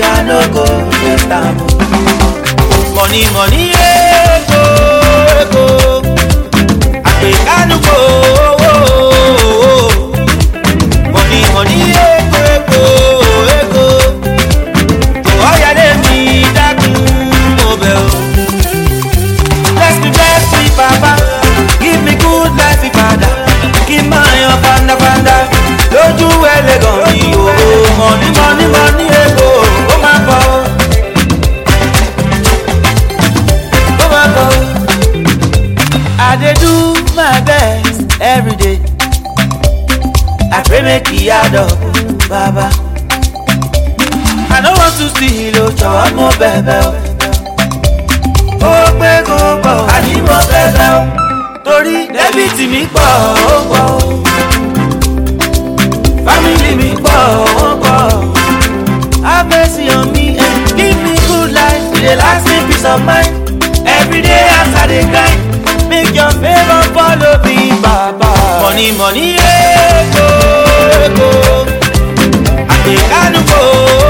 i no go get am money money ego ego I àpèkánu kò go. money money ego ego ego kò ọ̀yàdé mi dákun mo bẹ̀ bless me bless me papa give me good life padà kí n máa yan fandafanda lójú ẹlẹ́gàn mi o money money. make e add up baba. I don't want to see you jọ̀wọ́ mo bẹ̀bẹ̀ o. Ó oh, kó pọ̀, àní I need more Torí dẹ́bìtì mi pọ̀ ó pọ̀ o. Fámìlì mi pọ̀ ó pọ̀ o. Have mercy on me and give me good life. E dey last me peace of mind. Every day as I dey grind. Make your favor follow me, Baba. Money, money, eh, go. Oh. go. I think I know go.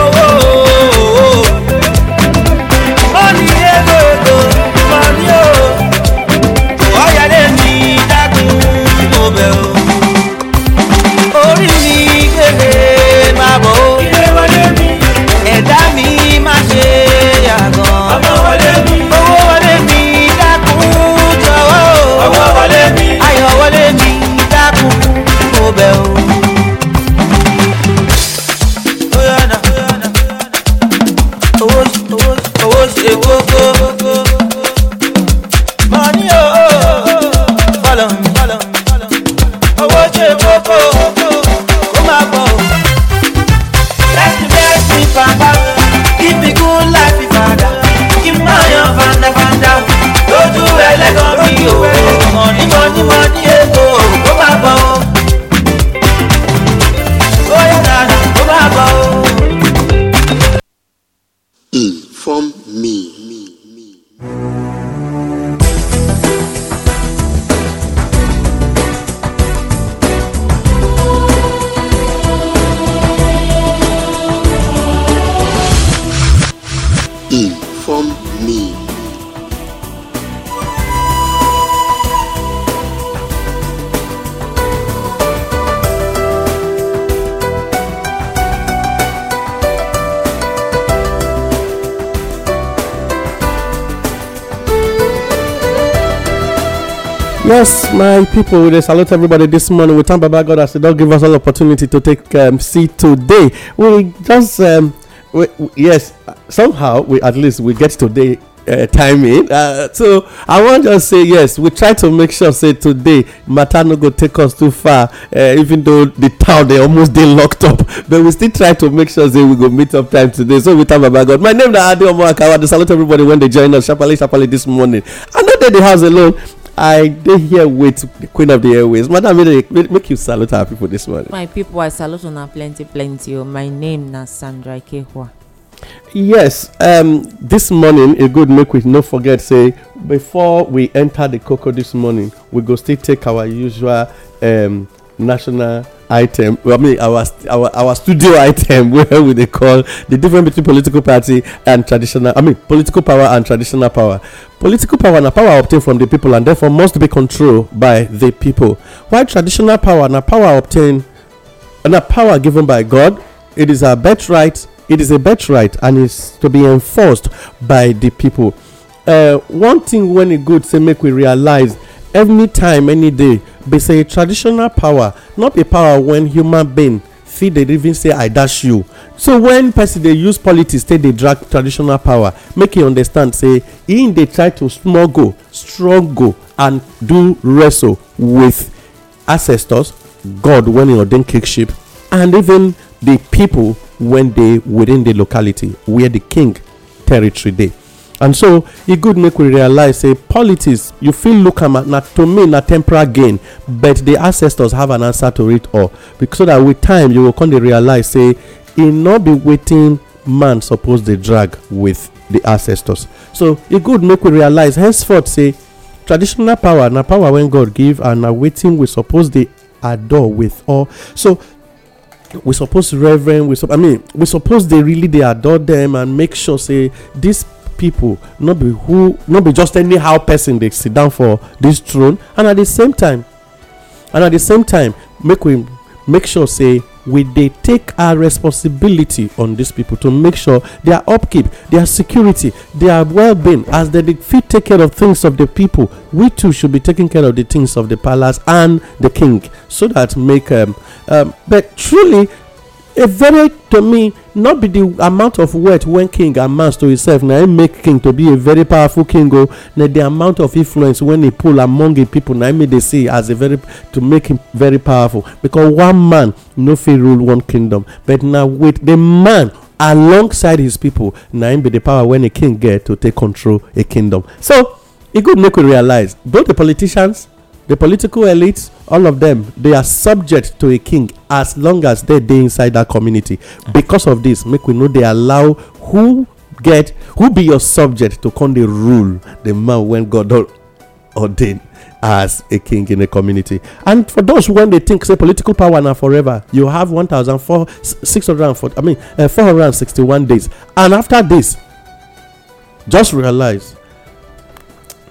people, we salute everybody this morning. We thank Baba God as He don't give us all opportunity to take um, seat today. We just, um, we, yes, somehow we at least we get today uh, timing. Uh, so I want to say yes. We try to make sure say today Matano go take us too far. Uh, even though the town they almost they locked up, but we still try to make sure say we go meet up time today. So we talk about God. My name is Adi Omoakawa. I salute everybody when they join us. Shapali Shapali this morning. i know that the house alone. I dey here the Queen of the Airways. Madam, make, make, make you salute our people this morning. My people, I salute una plenty, plenty. Oh. My name na Sandra Ikehua. Yes, um, this morning a good make with. no forget say before we enter the cocoa this morning, we go still take our usual um, national item i mean our our our studio item where we dey call the difference between political party and traditional i mean political power and traditional power political power na power obtained from the people and therefore must be controlled by the people while traditional power na power obtained na power given by god it is a birthright it is a birthright and is to be enforced by the people uh, one thing when e good say make we realize anytime any day be say traditional power not be power when human being fit dey even say i dash you so when person dey use politics take dey drag traditional power make e understand say im dey try to smuggle struggle and do wrestle with ancestors god when e ordain kingship and even the people when dey within the locality where the king territory dey and so e good make we realize say politics you fit look am na to me na temporal gain but the ancestors have an answer to it all so that with time you go come dey realize say e no be wetin man suppose dey drag with the ancestors so e good make we realize henceforth say traditional power na power wey god give and na wetin we suppose dey adore with all so we suppose reverend we i mean we suppose dey really dey adore them and make sure say this. people no be who no be just anyhow person dey sit down for this throne and at the same time and at the same time make we make sure say we dey take our responsibility on these people to make sure their upkeep their security their well being as they did fit take care of things of the people, we too should be taking care of the things of the palace and the king so that make um, um, but truly a very to me not be the amount of wealth when king amass to himself na him make king to be a very powerful king o oh. na the amount of influence when he pull among him people na him dey see as a very to make him very powerful because one man no fit rule one kingdom but na with the man alongside his people na him be the power when a king get to take control a kingdom so e good make we realize both the politicians the political elites all of them they are subject to a king as long as they dey inside that community because of this make we know they allow who get who be your subject to come dey rule the man when god don ordain as a king in a community and for those when dey think say political power na forever you have one thousand four six hundred and four. i mean uh, four hundred and sixty-one days and after this just realize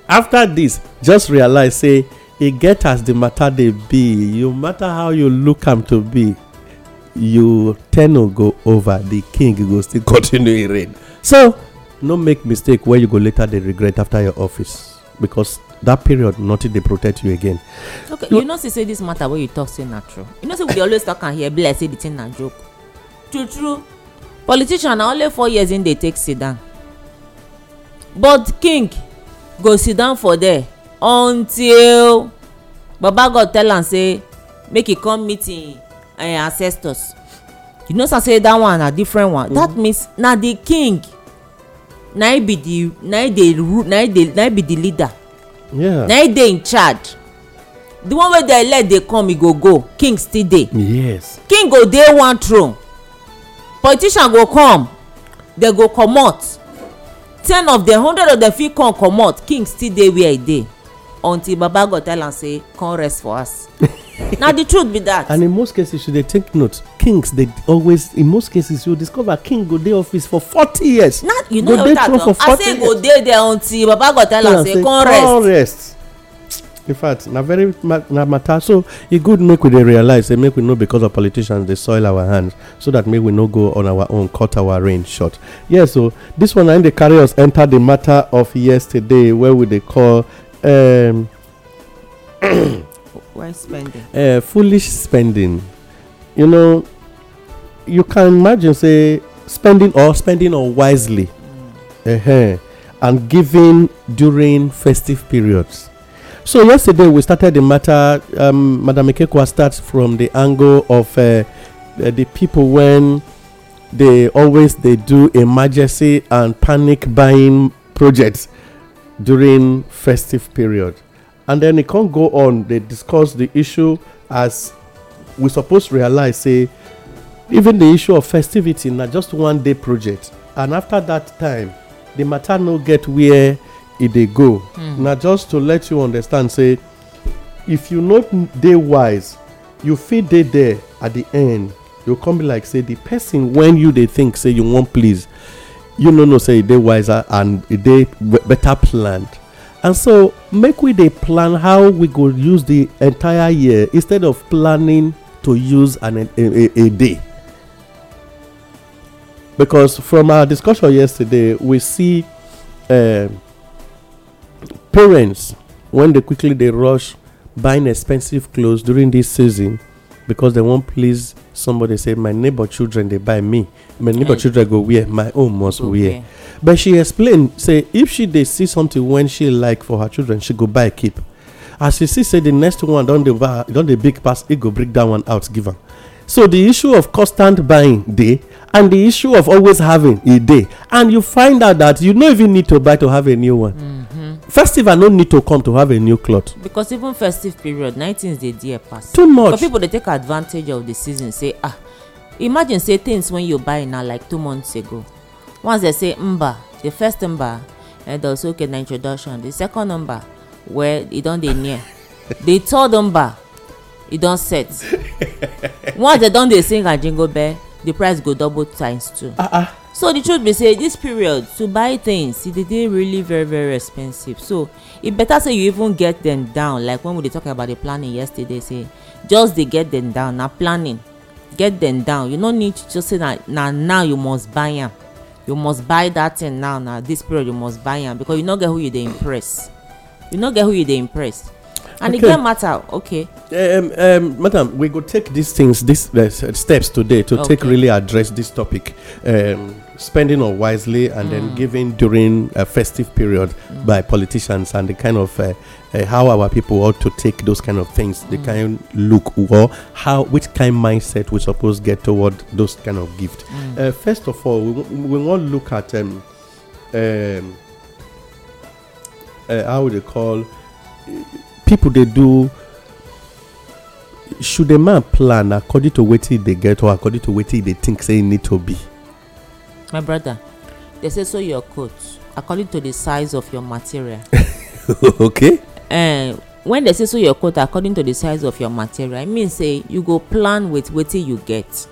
after this just realize say e get as the matter dey be you matter how you look am to be you ten o go over the king go still continue e reign so no make mistake wey you go later dey regret after your office because that period nothing dey protect you again okay you know say this matter wey you talk say na true you know say we dey always talk am here be like say the thing na joke true true politician na only four years im dey take sit down but king go sit down for there until baba god tell am say make e come meet im eh, ancestors you know say that one na different one that mm. means na the king na e be the na e dey e e be the leader na e dey in charge the one wey dey elect dey come e go go king still dey yes king go dey one throne politician go come dem go comot ten of dem hundred of dem fit come comot king still dey where he dey until baba go tell am say come rest for us na the truth be that. and in most cases you dey take note kings dey always in most cases you discover king go dey office for forty years. na you know what i talk i say go dey there until baba go tell am say come rest. come rest in fact na very na matter so e good make we dey realize say make we know because of politicians dey soil our hands so that make we no go on our own cut our reign short yes so this one na im dey carry us enter the matter of yesterday wey we dey call um, wise spending uh, foolish spending you know you can imagine say spending or spending or wisely mm. uh-huh, and giving during festive periods so yesterday we started the matter um, madam ikekwa starts from the angle of uh, the, uh, the people when they always they do emergency and panic buying projects during festive period and then it can't go on They discuss the issue as we suppose realize say even the issue of festivity not just one day project and after that time the matter no get where e dey go hmm. na just to let you understand say if you not day wise you feel day there at the end you come be like say the person when you they think say you wan please you know, no say they wiser and they better planned and so make we a plan how we could use the entire year instead of planning to use an a a day because from our discussion yesterday we see um, parents when they quickly they rush buying expensive clothes during this season because they won't please somebody say my neighbor children they buy me my neighbor mm. children go wear my own must wear but she explained say if she they see something when she like for her children she go buy keep as she see say the next one don't the don't the big pass it go break that one out give her, so the issue of constant buying day and the issue of always having a e day and you find out that you don't even need to buy to have a new one mm festival no need to come to have a new cloth. because even festive period nine things dey there pass. too much but people dey take advantage of the season say ah imagine say things wey you buy na like two months ago once dem say mba the first mba eh, and also okay na introduction the second mba well e don dey near the third mba e don set once dem don dey sing and jingle bell the price go double times two. Uh -uh so the truth be say this period to buy things e dey dey really very very expensive so e better say you even get them down like when we dey talk about the planning yesterday say just dey get them down na planning get them down you no need to just say na na now you must buy am you must buy that thing now na this period you must buy am because you no get who you dey impress you no get who you dey impress and e get matter okay. Um, um, madam we go take these things these uh, steps today to okay. take really address this topic. Um, spending wisely, and mm. then giving during a festive period mm. by politicians and the kind of uh, uh, how our people ought to take those kind of things mm. the kind look or how which kind mindset we suppose get toward those kind of gift mm. uh, first of all we, we want to look at um, um, uh, how they call people they do should a man plan according to what they get or according to what they think they need to be my brother they say sew your coat according to the size of your material. okay. Uh, when they say sew your coat according to the size of your material e mean say you go plan with wetin you get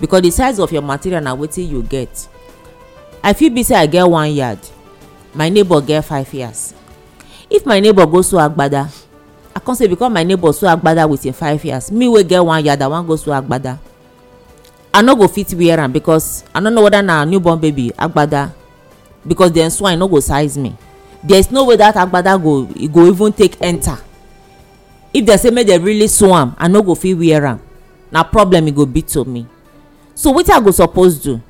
because the size of your material na wetin you get i fit be say i get one yard my neighbor get five yards if my neighbor go sew agbada i come say because my neighbor sew agbada with within five yards me wey get one yard i wan go sew agbada i no go fit wear am because i no know whether na newborn baby agbada because dem swine no go size me there is no way that agbada go e go even take enter if dem say make dem really sew am i no go fit wear am na problem e go be to me so wetin i go suppose do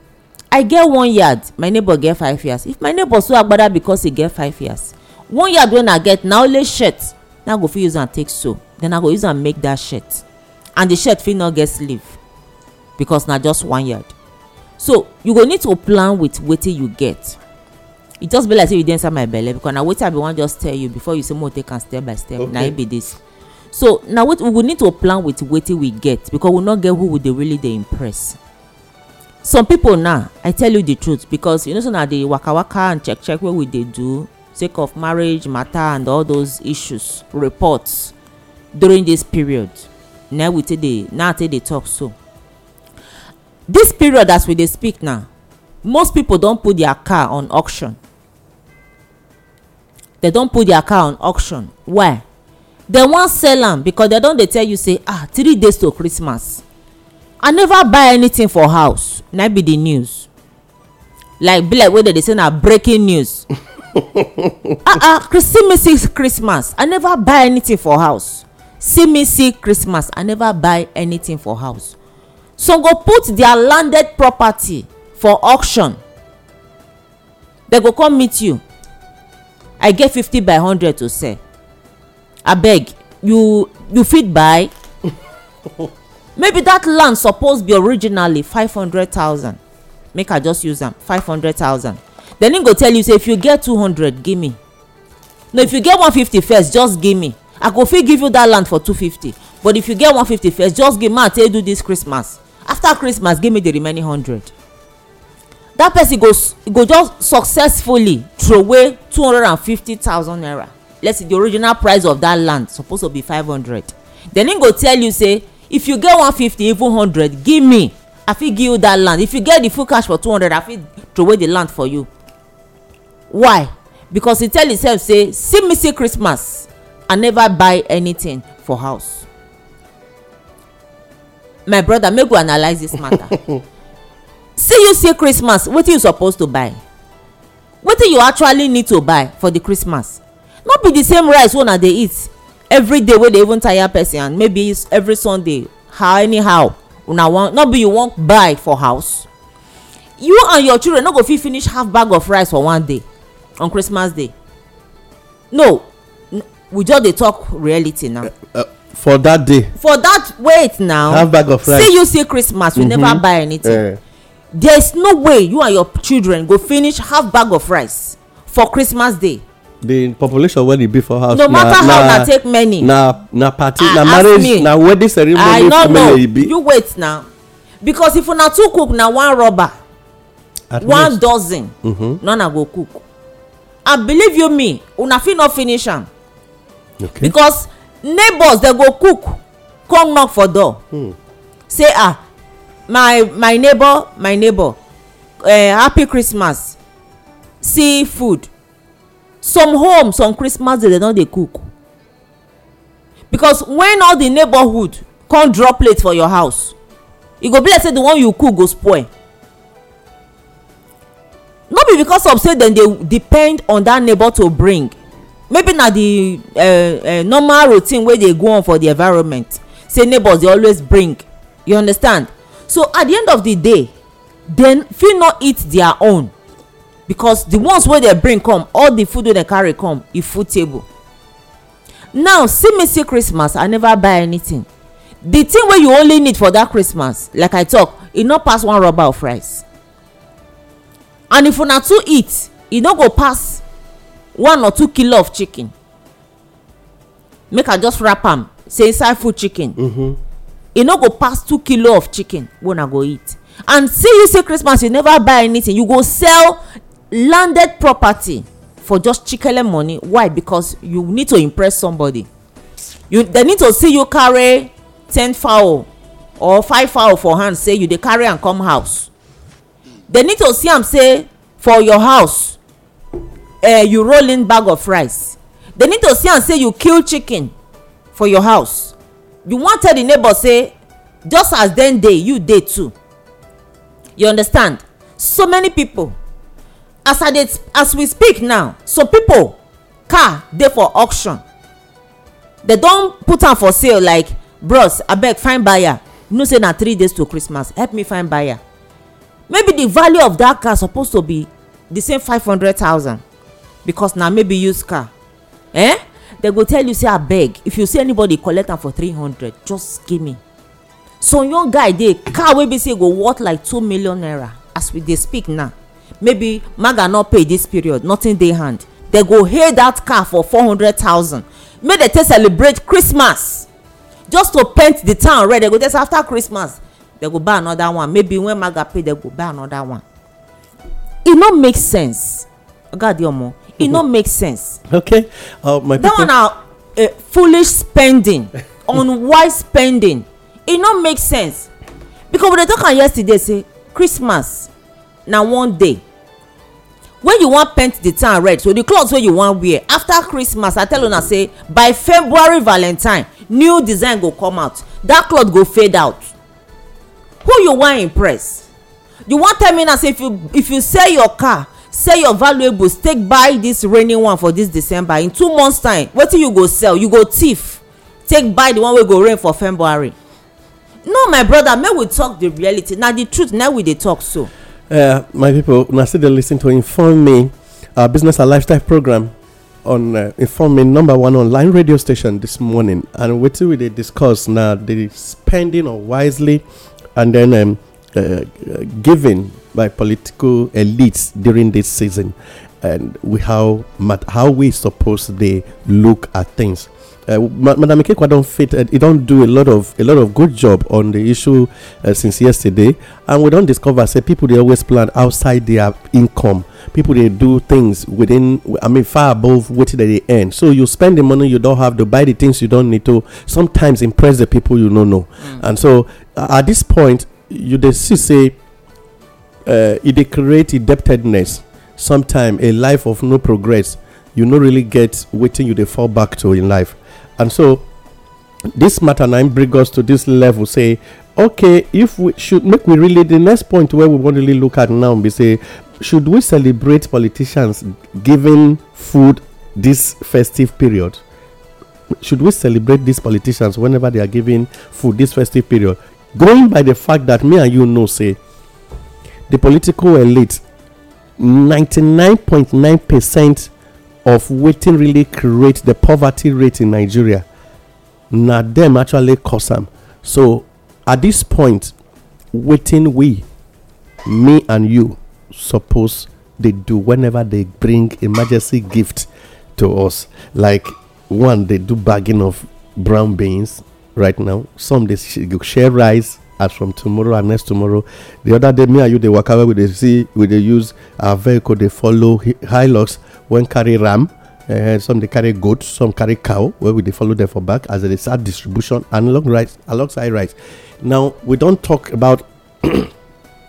i get one yard my neighbor get five years if my neighbor sew agbada because he get five years one yard wey na get na only shirt na go fit use am take sew then i go use am make that shirt and the shirt fit no get sleeve because na just one yard so you go need to plan with wetin you get e just be like say you dey inside my belle because na wetin i bin wan just tell you before you say mo take am step by step okay. na e be this so na wetin we go need to plan with wetin we get because we no get who we dey really dey impress some people now i tell you the truth because you know say na the waka waka and check check wey we dey do sake of marriage matter and all those issues reports during this period na e we take dey na i e take dey talk so This period as we dey speak now most people don put their car on auction They don put their car on auction why They wan sell am because they don dey tell you say ah three days to christmas i never buy anything for house na be the news like be like wey dem dey say na breaking news ah ah see me christmas i never buy anything for house see me see christmas i never buy anything for house some go put their landed property for auction They go come meet you i get fifty by hundred to sell abeg you you fit buy maybe that land suppose be originally five hundred thousand make i just use am five hundred thousand then im go tell you say if you get two hundred give me no if you get one fifty first just give me i go fit give you that land for two fifty but if you get one fifty first just give me i take do this christmas after christmas give me the remaining hundred that person go go just successfully throw away two hundred and fifty thousand naira let's say the original price of that land suppose to be five hundred then he go tell you say if you get one fifty even hundred give me i fit give you that land if you get the full cash for two hundred i fit away the land for you why because he tell himself say see me see christmas i never buy anything for house my brother make we analyse this matter see you see christmas wetin you suppose to buy wetin you actually need to buy for the christmas no be the same rice wey una dey eat every day wey dey even tire person and maybe every sunday how anyhow una wan no be you wan buy for house you and your children no go fit finish half bag of rice for one day on christmas day no we just dey talk reality now. Uh, uh, for that day for that wait now half bag of rice see you see christmas we never mm-hmm. buy anything eh. There is no way you and your children go finish half bag of rice for christmas day the population wey dey be for house no matter how na take many na na party ah, na marriage na wedding ceremony family e be you wait now because if una two cook na one rubber one dozen mm-hmm. none go cook and believe you me una fit no finish am okay because neighbors dem go cook come knock for door hmm. say ah my my neighbor my neighbor eh, happy christmas see food some home some christmas day dem no dey cook because when all the neighborhood come drop plate for your house e go be like say the one you cook go spoil no be because of say dem dey depend on that neighbor to bring maybe na the uh, uh, normal routine wey dey go on for the environment say neighbors dey always bring you understand so at the end of the day dem fit no eat their own because the ones wey dem bring come all the food wey dem carry come e full table now see me see christmas i never buy anything the thing wey you only need for that christmas like i talk e no pass one rubber of rice and if una too eat e no go pass one or two kilo of chicken make i just wrap am say inside full chicken mm-hmm. e no go pass two kilo of chicken wey una go eat and see you say christmas you never buy anything you go sell landed property for just chikele money why because you need to impress somebody you they need to see you carry ten fowl or five fowl for hand say you dey carry am come house They need to see am say for your house uh, you roll in bag of rice they need to see am say you kill chicken for your house you wan tell the neighbor say just as dem dey you dey too you understand so many people as i dey as we speak now some people car dey for auction they don put am for sale like bros abeg find buyer you know say na three days to christmas help me find buyer maybe the value of that car suppose to be the same five hundred thousand because na maybe use car eh dem go tell you say abeg if you see anybody collect am for three hundred just give me some young guy dey car wey be say go worth like two million naira as we dey speak now maybe maga no pay this period nothing dey hand dem go hail that car for four hundred thousand make dem take celebrate christmas just to paint the town red dem go just after christmas dem go buy another one maybe when maga pay dem go buy another one e no make sense oga adeomo e no make sense okay uh, my that one na uh, foolish spending unwise spending e no make sense because we dey talk am yesterday say christmas na one day when you wan paint the town red so the cloth wey you wan wear after christmas i tell una say by february valentine new design go come out that cloth go fade out who you wan impress you wan tell me now say if you if you sell your car say your valuables take buy this rainy one for this december in two months time wetin you go sell you go thief take buy the one wey go rain for february no my brother make we talk the reality na the truth na we dey talk so. Uh, my people na still dey lis ten to inform me our business and lifestyle program on uh, inform me number one online radio station this morning and wetin we dey discuss na the spending on wisely and then um, uh, giving by political elites during this season and we how how we suppose they look at things. Uh, Madam Ikekwa don't fit. Uh, don't do a lot of a lot of good job on the issue uh, since yesterday, and we don't discover say people they always plan outside their income. People they do things within. I mean, far above what they earn. So you spend the money you don't have to buy the things you don't need to. Sometimes impress the people you don't know, mm. and so uh, at this point you they see say uh, it creates create indebtedness sometimes a life of no progress you no really get wetin you dey fall back to in life and so this matter na bring us to this level say okay if we should make we really the next point wey we wan really look at now be say should we celebrate politicians giving food this festive period should we celebrate these politicians whenever they are giving food this festive period going by the fact that me and you know say the political elite 99.9% of waiting really create the poverty rate in nigeria na them actually cause am so at this point waiting we me and you suppose they do whenever they bring emergency gift to us like one they do bagging of brown beans right now some they share rice as from tomorrow and next tomorrow the other day me and you they waka away. we dey see we dey use our vehicle They follow hilux when carry ram eh, some they carry goat some carry cow Where we they follow them for back as they start distribution and alongside rice now we don't talk about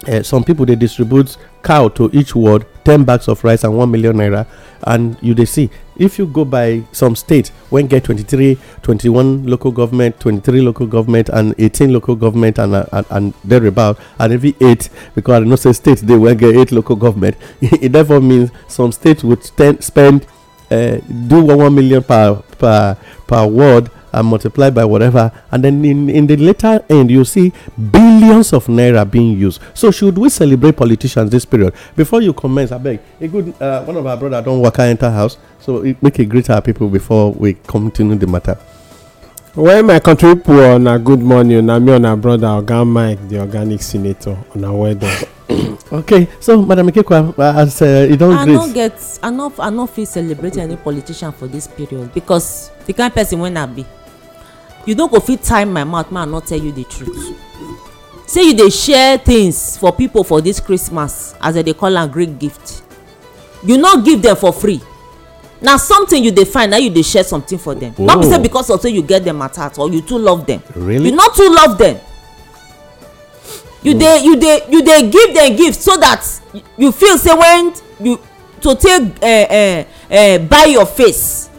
uh, some people they distribute cow to each ward 10 bags of rice and 1 million naira and you they see if you go by some states when get 23 21 local government 23 local government and 18 local government and uh, and, and thereabout and every eight because i know say states they will get eight local government it therefore means some states would ten, spend Uh, do one million per per per word and multiply by whatever and then in, in the later end you see billions of naira being used so should we celebrate politicians this period before you commence abeg a good uh, one of our brother don waka enter house so make a greet our people before we continue the matter. well my country pipo una good morning una me una brother oga mike di organic senator una well done. okay so madam ikekwa uh, as e don gree i no get i no i no fit celebrate any politician for this period because the kind person wey i be you no go fit time my mouth make i not tell you the truth say you dey share things for people for this christmas as dem dey call am great gift you no give them for free na something you dey find na you dey share something for them. not be say oh. because of say you get them at heart or you too love them. Really, you no too love them you mm. dey you dey you dey give dem gift so that you feel say when you to take eh, eh, eh, buy your face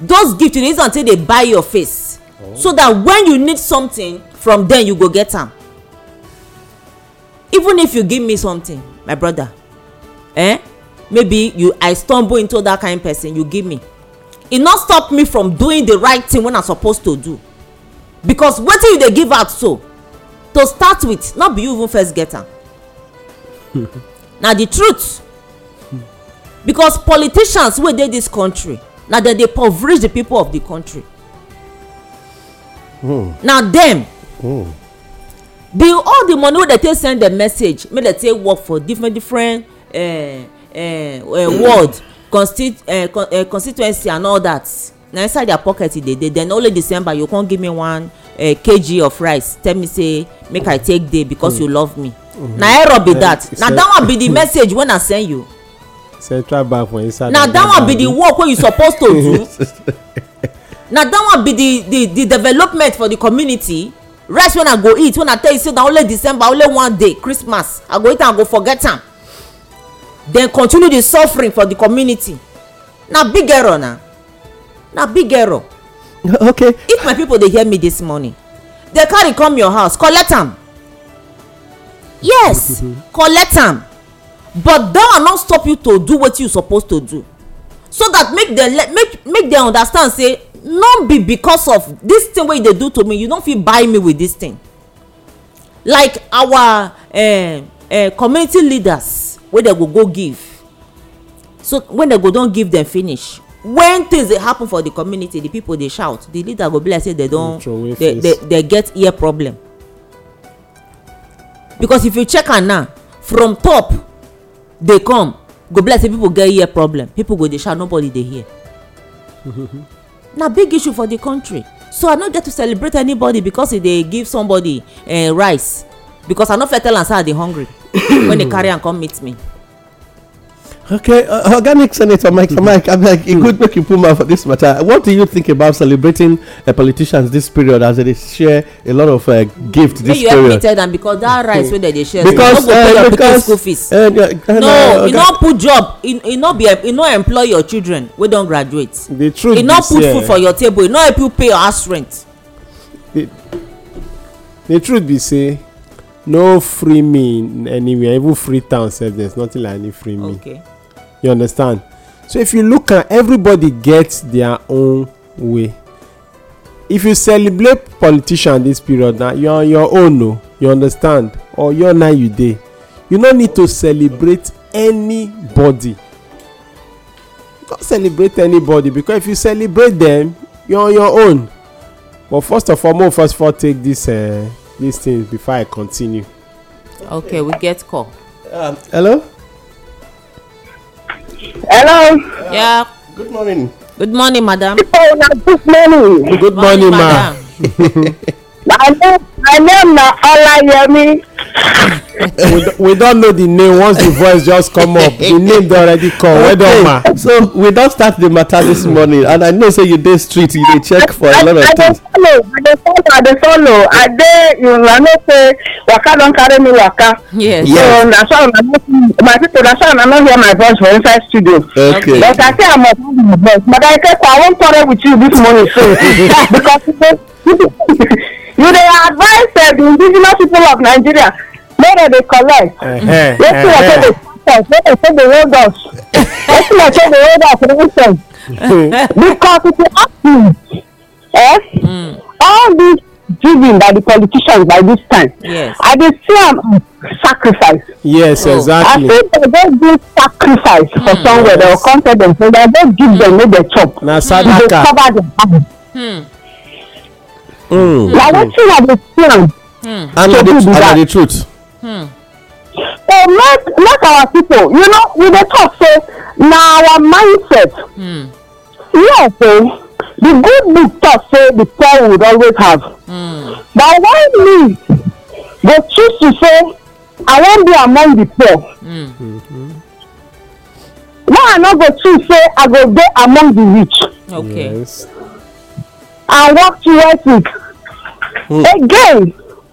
those gift you dey use am take dey buy your face oh. so that when you need something from them, you go get am even if you give me something my brother eh maybe you i stumble into that kind person you give me e no stop me from doing the right thing when i suppose to do because wetin you dey give out so to start with not be you even first get am na the truth because politicians wey dey this country na dem dey impoverish the people of the country hmm. na dem hmm. the all the money wey dem take send dem message make dem take work for different different uh, uh, ward constituency and all that na inside their pocket e dey dey then only december you come give me one Eh, kg of rice tell me say make i take dey because you mm. love me mm-hmm. na error be eh, that na that one be the message wey i send you central bank for inside na that one be the work wey you suppose to do na that one be the the the development for the community rest when i go eat when i tell you say na only december only one day christmas i go eat am i go forget am then continue the suffering for the community na big error na na big error okay if my people dey hear me this morning dem carry come your house collect am yes mm-hmm. collect am but that one no stop you to do wetin you suppose to do so that make dem make make dem understand say no be because of this thing wey you dey do to me you no fit buy me with this thing like our uh, uh, community leaders wey dem go go give so when dem go don give dem finish when things dey happen for the community the people dey shout the leader go be like say they don they, they they get ear problem because if you check am now from top dey come go be like say people get ear problem people go dey shout nobody dey hear na big issue for the country so i no get to celebrate anybody because e dey give somebody uh, rice because i no fit tell am say i dey hungry when they carry am come meet me Okay, uh, uh, organic Senator Mike, Mike, I'm like, it could make you put for this matter. What do you think about celebrating uh, politicians this period as they share a lot of uh, gifts this you period? You them because that rice when they share, because, so you no go pay your uh, school fees. Uh, uh no, no you not put job, you, not be, you not employ your children, we don't graduate. The truth, you not put food for your table, you not help you pay your house rent. The, the truth be say, no free me anywhere, even free town, said there's nothing like any free me. Okay you understand so if you look at everybody gets their own way if you celebrate politician this period na you on your own o oh, you understand or your na you dey you no need to celebrate anybody no celebrate anybody because if you celebrate them you on your own but first of all mo first of all take this uh, this thing before i continue. okay we get call. Um, hello. Hello. Yeah. Good morning. Good morning, madam. good morning. Good, morning, morning madam. my name my name na olayemi. we, we don know the name once the voice just come up the name don already come okay. well ma. so we don start the matter this morning and i know say you dey street you dey check for a lot of things. i dey follow i dey follow i dey follow i dey una know say waka don carry me waka. yes yes so na so una know my people na so una no hear my voice for inside studio. okay but i say i must have my voice I ikeko i wan quarrel with you this morning so because you know. you dey advise uh, the indigenous people of nigeria make dem dey collect wetin na so dey hold us make dem so dey hold us wetin na so hold us recent because if you ask me eh hmm. all this driven by the politicians by this time yes. i dey see am um, sacrifice. yes oh. exactly. i say dem go do sacrifice mm, for hmm. somewhere yes. dem go come tell dem say dem go give dem make dem chop. na dey cover dem hand. Hmm na wetin i dey plan to hmm. do be that and the truth. so hmm. oh, make make our people you know we dey talk say na our mindset mm. yes o eh. the good book talk say the poor would always have mm. but why me dey choose to say i wan be among the poor mm. mm -hmm. why i no go choose say i go dey among the rich. okay. Yes and work towards it. Mm. again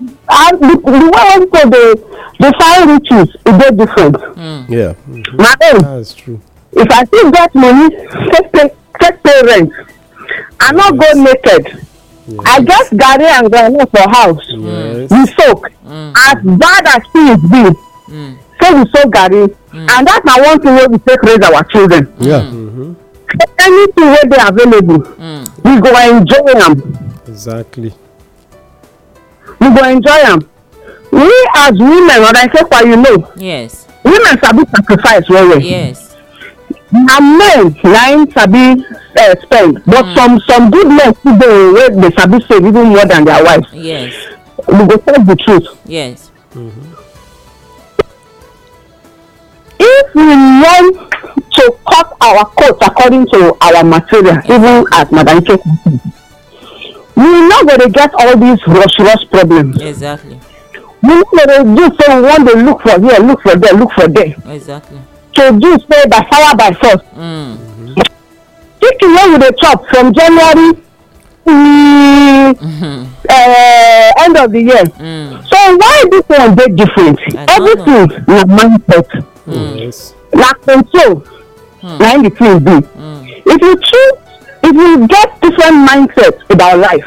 and the, the way people dey define riches e dey different. Mm. Yeah. Mm -hmm. my own if i still get money take pay pay rent i no yes. go naked. Yes. I just garri and groundnut for house. Yes. We soak. Mm. As bad as things be, mm. so we soak garri. Mm. And that's na one thing wey we take raise our children. Yeah. Mm -hmm. Mm-hmm. anything wey dey available. Mm we go enjoy am. exactly. we go enjoy am. we as women say ọ̀dàkẹ́kọ̀ọ́ you know. yes. women sabi sacrifice well well. yes. na men na im sabi uh, spend but mm. some some good men still dey wey dey sabi save even more than their wives. yes. we go tell the truth. yes. Mm -hmm. if we learn to cut our coat according to our material even at madam ike we no go dey get all these rush rush problems exactly. we no go dey do say we wan dey look for here look for there look for there exactly. to do say by fire by force. Mm -hmm. chicken wey we dey chop from january Mm, uh, end of the year. Mm. So why this one dey different? Everything na mindset. Mm. Yes na control hmm. na in the thing be hmm. if you choose if you get different mindset about life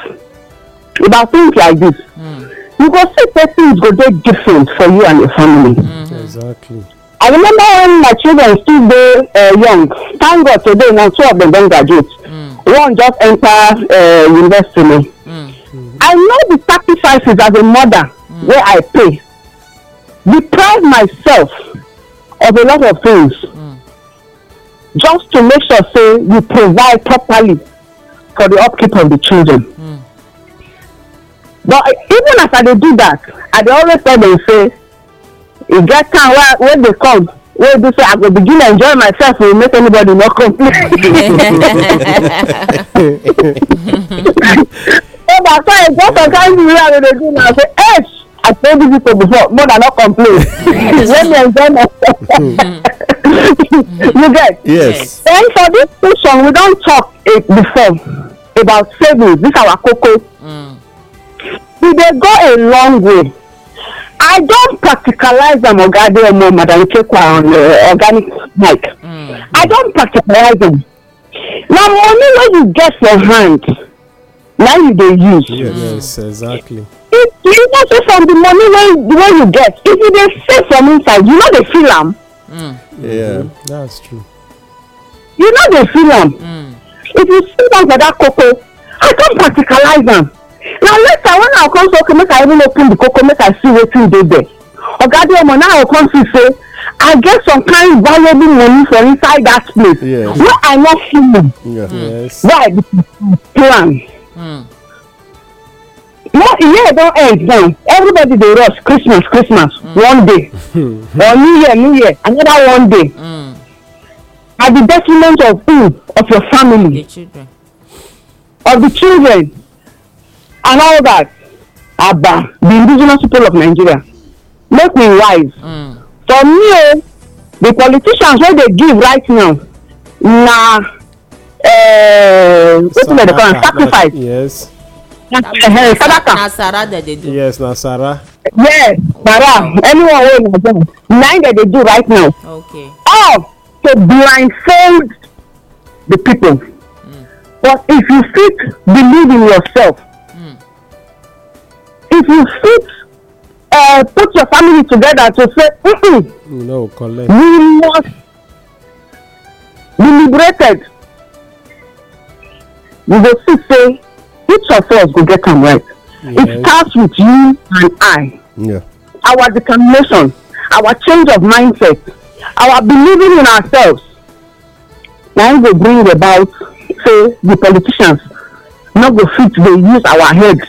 about things like this hmm. you go see say things go dey different for you and your family. Hmm. Exactly. I remember when my children still dey uh, young thank God today na two of them don graduate mm. one just enter uh, university now. Hmm. I know the sacrifices as a mother mm. wey I pay deprive myself of a lot of things mm. just to make sure say you provide properly for the upkeep of the children. Mm. but even as i dey do that i dey always tell them say e get time wey wey dey come wey be say i go begin enjoy myself o make anybody no complain. so that's why i get some kind of way i dey do now say hey I told you people before, more than not complain. Let me enjoy myself. Mm-hmm. you get? Yes. Then for this question, we don't talk it before about savings. This our cocoa. Mm. We dey go a long way. I don't practicalize am Oga Adeomo Madam Ikekwe on the uh, organic mic. Mm. Mm-hmm. I don't practicalize them. Now, money when you get your hand na you they use. Yes, yes, exactly if you know say from the money wey wey you get if you dey save from inside you no dey feel am. Mm. yeah mm-hmm. that's true. you no dey feel am. Mm. if you see down for that koko i come practicalize am na later when i come say okay make i even open the koko make i see wetin dey there oga dey omo now i come see say i get some kind valuable money for inside that place yes. wey i no feel am. why because plan. Mm no year don end now everybody dey rush christmas christmas mm. one day or new year new year another one day mm. at the detriment of who of your family of the children and all that aba the indigenous people of nigeria make me wise mm. for me o oh, the politicians wey dey give right now na eh, wetin dem dey call am sacrifice. Yes sadaka. na sara dem dey do. yes Nasara. sara. yes sara anyone wey na dem na im dem dey do right now. okay. all to blindfold the people. Mm. but if you fit believe in yourself. Mm. if you fit uh, put your family together to say mm -mm, no, collect. we must be liberated. you go see say each of us go get am right yeah. it starts with you and i yeah. our determination our change of mindset our believing in ourselves na im go bring about say the politicians no go fit dey use our heads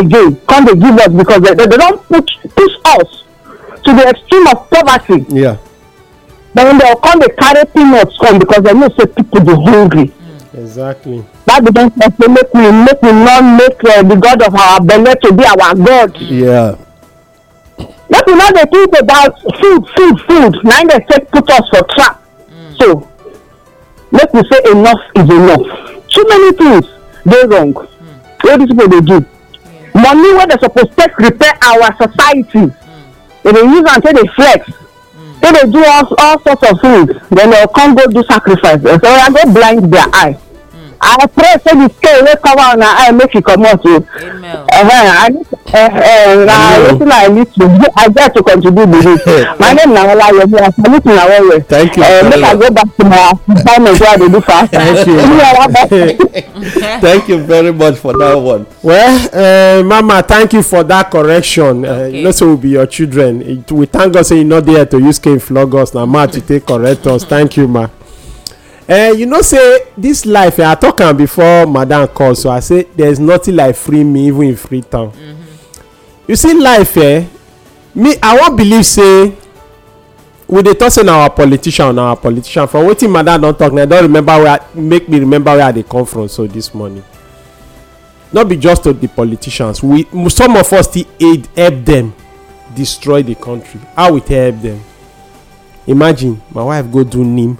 again come dey give us because they, they, they don push push us to the extreme of poverty. Yeah. then they go come dey carry peanuts come because they know say people dey hungry. Mm. exactly. Bible don talk say make we make we not make uh, the God of our belle to be our God. Yeah. Let me no dey think about food food food Now they dey put us for trap. Mm. So let me say enough is enough. Too many things dey wrong mm. wey dis people dey do. Yeah. Money where they supposed to repair our society dem mm. dey use until they flex. Mm. They do all, all sorts of things. Then dey come go do sacrifice. So say go blind their eye. I pray say the scale wey come out na I make e comot o. I need eh, eh, na wetin I need to do I get to contribute to this. My name na Olayomi I salute una well well. Thank you. Uh, make I go back to my assignment wey I dey do fast. Thank you. Thank you very much for that one. Well, uh, Mama, thank you for that correction. Uh, okay. You know say we be your children. It, we thank God say you no dey here to use cane flog us na ma to take correct us. Thank you ma eh you know say this life eh, i talk am before madam call so i say there is nothing like free me even in free town you see life eh me i wan believe say we dey talk say na our politician na our politician from wetin madam don talk na i don remember make me remember where i dey come from so this morning not be just to the politicians we some of us still aid help them destroy the country how we take help them imagine my wife go do nim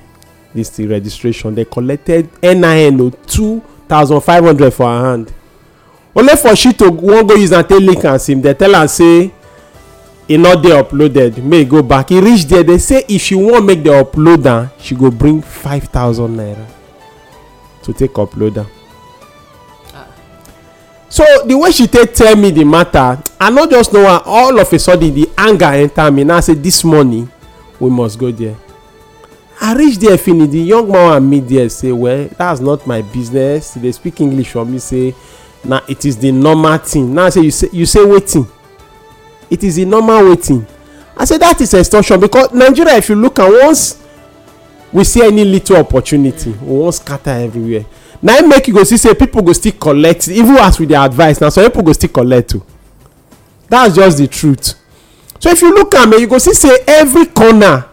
is the registration they collected nin o oh, two thousand five hundred for her hand only for she to wan go use am take link am sim dem tell am say e no dey uploaded may e go back e reach there dey say if she wan make dem upload am she go bring five thousand naira to take upload am so the way she take tell me the matter i no just know am all of a sudden the anger enter me now say this morning we must go there i reach there finish the young man and meet there say well that's not my business he dey speak english for me say na it is the normal thing now say you say you say wetin it is the normal wetin i say that is extortion because nigeria if you look at once we see any little opportunity we wan scatter everywhere na im make you go see say people go still collect even as we dey advice. na some people go still collect o that's just the truth so if you look am you go see say every corner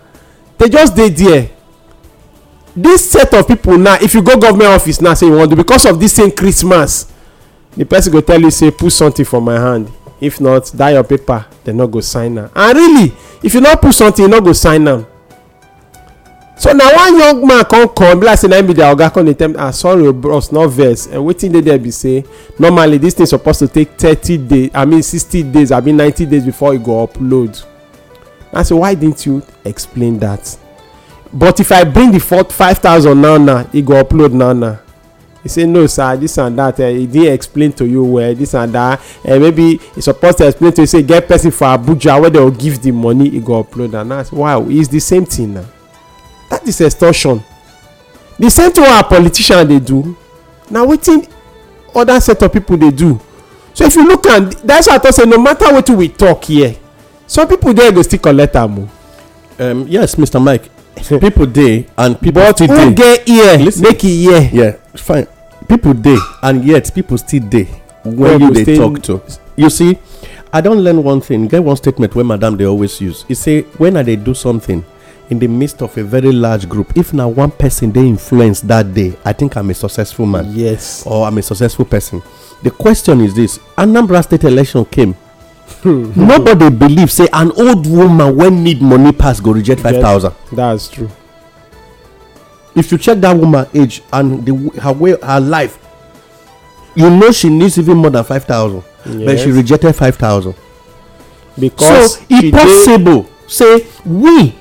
dey just dey there this set of people now if you go government office now say you wan do because of this same christmas the person go tell you say put something for my hand if not that your paper dem no go sign am and really if you no put something you no go sign am so na one young man come come be like say na him be their oga come dey tell me ah sorry o oh, bros no vex and wetin dey there be say normally this thing suppose to take thirty days i mean sixty days i mean ninety days before e go upload i say why didn't you explain that but if i bring the five thousand now now e go upload now now he say no sir this and that uh, he dey explain to you well eh, this and that uh, maybe he suppose to explain to you say get person for abuja wey dem go give the money he go upload am now wow it's the same thing na that is extortion the same thing wey our politician dey do na wetin other set of people dey do so if you look am that's why i talk say no matter wetin we talk here some people there go still collect am o. Oh. Um, yes mr mike people dey and people still dey but who get ear Listen, make e hear. yeah fine people dey and yet people still dey when you dey talk to you see i don learn one thing get one statement wey madam dey always use e say when i dey do something in the midst of a very large group if na one person dey influence that day i think i'm a successful man yes or i'm a successful person the question is this anambra state election came Hmm. nobody believe say an old woman wey need money pass go reject five thousand. that's true if you check that woman age and her way her life you know she needs even more than five 5000 but she rejected five thousand because so e possible say we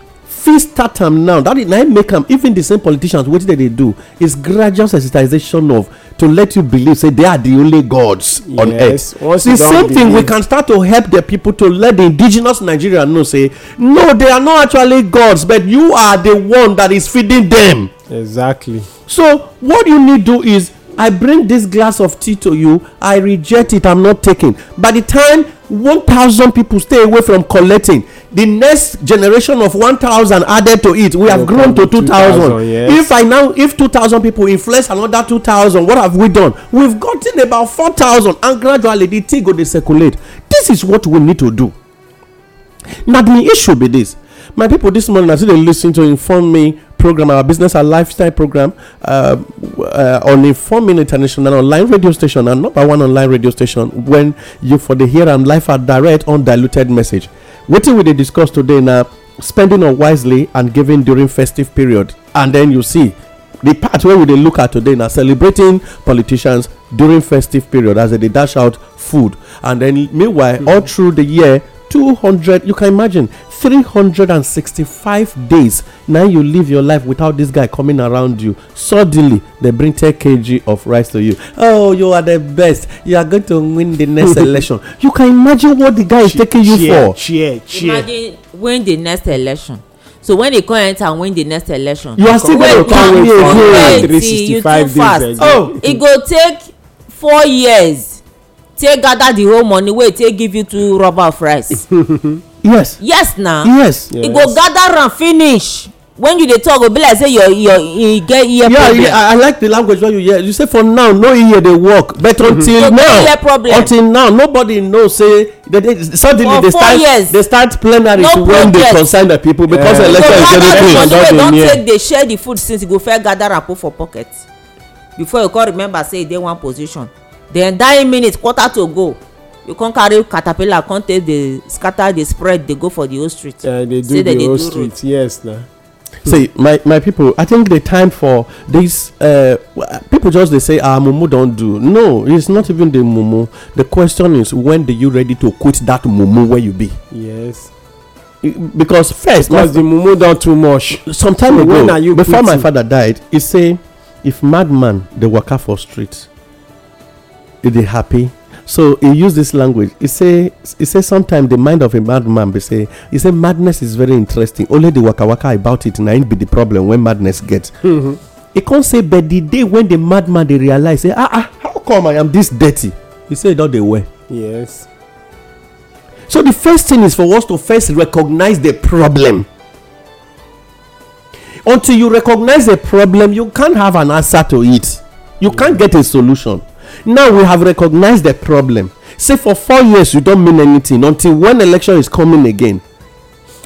fit start am now that na im make am even the same politicians wetin dem dey do is gradual sensitization of to let you believe say they are the only gods on earth the same thing we can start to help the people to let the indigenous nigeria know say no they are not actually gods but you are the one that is feeding them exactly so what you need do is i bring this glass of tea to you i reject it i'm not taking by the time One thousand people stay away from collecting the next generation of one thousand added to it we have oh, grown to 2000 yes. if i now if two thousand people influence another two thousand, what have we done we've gotten about four thousand, and gradually the thing go dey circulate this is what we need to do na the issue be this my people this morning as still dey lis ten to inform me program, our business and lifestyle program, uh, uh, on informing international online radio station and number one online radio station. When you for the here and life are direct undiluted message. What we they discuss today now? Spending on wisely and giving during festive period, and then you see the part where we they look at today now celebrating politicians during festive period as they dash out food and then meanwhile all through the year 200 you can imagine 365 days now you live your life without this guy coming around you suddenly they bring 10 kg of rice to you oh you are the best you are going to win the next election you can imagine what the guy is taking you cheer, for cheer cheer imagine win the next election so when he come enter and win the next election you are still going to come win for 365 days eh, oh e go take four years take gather the whole money wey take give you two rubber of rice yes yes na yes e go gather am finish when you dey talk go be like say your your e get ear problem yeah i like the language wey you hear you say for now no ear dey work but mm-hmm. until now until now nobody know say suddenly they start they start plenaries when they concern the people because election is very close and don dey near. don take dey share the food since you go first gather am put for pocket before you come remember say e dey one position then that minute quarter to go you come carry caterpillar come take dey scatter dey spread dey go for the whole street say dem dey do road yes na see my my people i think the time for this uh, uh people just dey say ah mumu don do no it's not even the mumu the question is when dey you ready to quit that mumu where you be yes because first because the mumu don too much some time ago before my father died he say if madman dey waka for street e dey happy so he used this language he say he say sometimes the mind of a madman be say he say madness is very interesting only the waka waka about it na him be the problem when madness get. Mm-hmm. he come say but the day when the madman dey realize say ah ah how come i am this dirty he say e don dey well. yes. so the first thing is for us to first recognize the problem until you recognize the problem you can't have an answer to it you can't get a solution now we have recognized the problem say for four years you don mean anything until when election is coming again